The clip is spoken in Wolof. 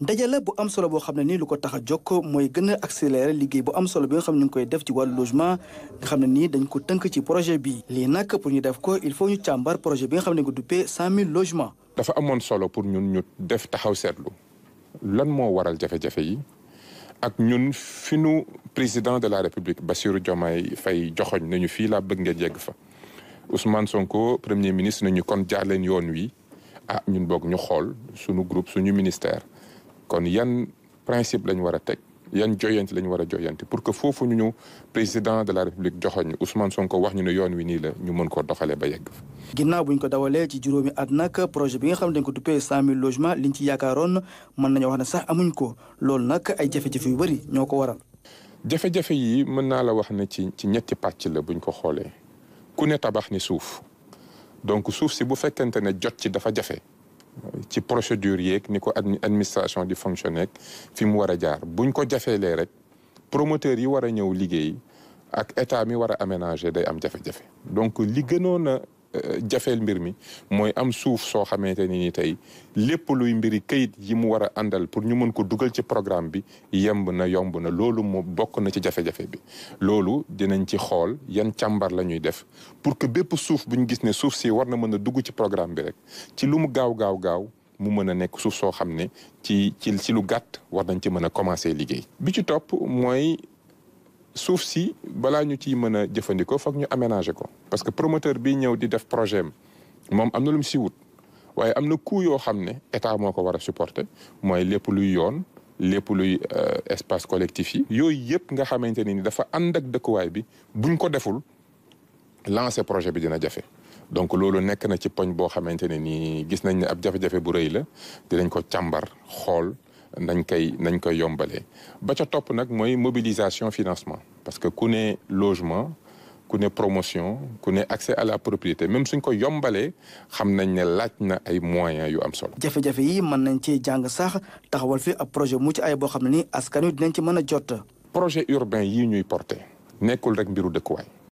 ndaje la bu am solo boo xam ne nii lu ko tax a jokk mooy gën a accélérer liggéey bu am solo bi nga xam ne ñu ngi koy def ci wàllu logement xam ne nii dañ ko tënk ci projet bi lii nag pour ñu def ko il faut ñu càmbar projet bi nga xam ne ko duppee cent mille logements. dafa amoon solo pour ñun ñu def taxaw seetlu lan moo waral jafe-jafe yi ak ñun fi nu président de la république Bassirou Diomaye fay joxoñ nañu fii laa bëgg nga yegg fa Ousmane Sonko premier ministre ñu kon jaar yoon wi ah ñun boog ñu xool suñu groupe suñu ministère. kon yan principe lañ war a teg yan joyanti lañ war a joyanti pour que foofu ñu ñu président de la république joxoñ Ousmane ko wax ñu ne yoon wi nii la ñu mën koo doxalee ba yegg. ginnaaw buñ ko dawalee ci juróomi at nag projet bi nga xam ne dañ ko duppee cent mille logements liñ ci yaakaaroon mën nañoo wax sax amuñ ko loolu nag ay jafe-jafe yu bëri ñoo ko waral. jafe-jafe yi mën naa la wax ne ci ci ñetti pàcc la buñ ko xoolee ku ne tabax ni suuf donc suuf si bu fekkente ne jot ci dafa jafe. ci procédure yeeg ni ko administration di fonctionner fi mu war a jaar buñ ko jafeelee rek promoteur yi war a ñëw liggéey ak état mi war a aménager day am jafe-jafe donc li gënoon Euh, jafeel mbir mi mooy am suuf soo xamante ni ni tey lépp luy mbiri kayit yi mu war a àndal pour ñu mën ko dugal ci programme bi yemb na yomb na loolu mu bokk na ci jafe-jafe bi loolu dinañ ci xool yan càmbar la ñuy def pour que bépp suuf bu ñu gis ne suuf si war na mën a dugg ci programme bi rek ci lu mu gaaw gaaw gaaw mu mën a nekk suuf soo xam ne ci ci ci lu gàtt war nañ ci mën a commencer liggéey bi ci topp mooy suuf si balaa ñu ciy mën a jëfandikoo foog ñu aménager ko parce que promoteur bi ñëw di def projet moom am na lu mu si wut waaye am na coût yoo xam ne état moo ko war a supporter mooy lépp luy yoon lépp luy euh, espace collectif yi. yooyu yëpp nga xamante ne ni dafa ànd ak dëkkuwaay bi buñ ko deful lancer projet bi dina jafe. donc loolu nekk na ci poñ boo xamante ne nii gis nañ ne ab jafe-jafe bu rëy la dinañ ko càmbar xool nañ koy nañ koy yombalee ba ca topp nag mooy mobilisation financement parce que ku ne logement ku ne promotion ku ne accès à la propriété même suñ ko yombalee xam nañ ne laaj na ay moyens yu am solo. jafe-jafe yi mën nañ ci jàng sax taxawal fi ab projet mucc ay boo xam ne nii askan wi dinañ ci mën a jot. projet urbain yi ñuy porté nekkul rek mbiru dëkkuwaay.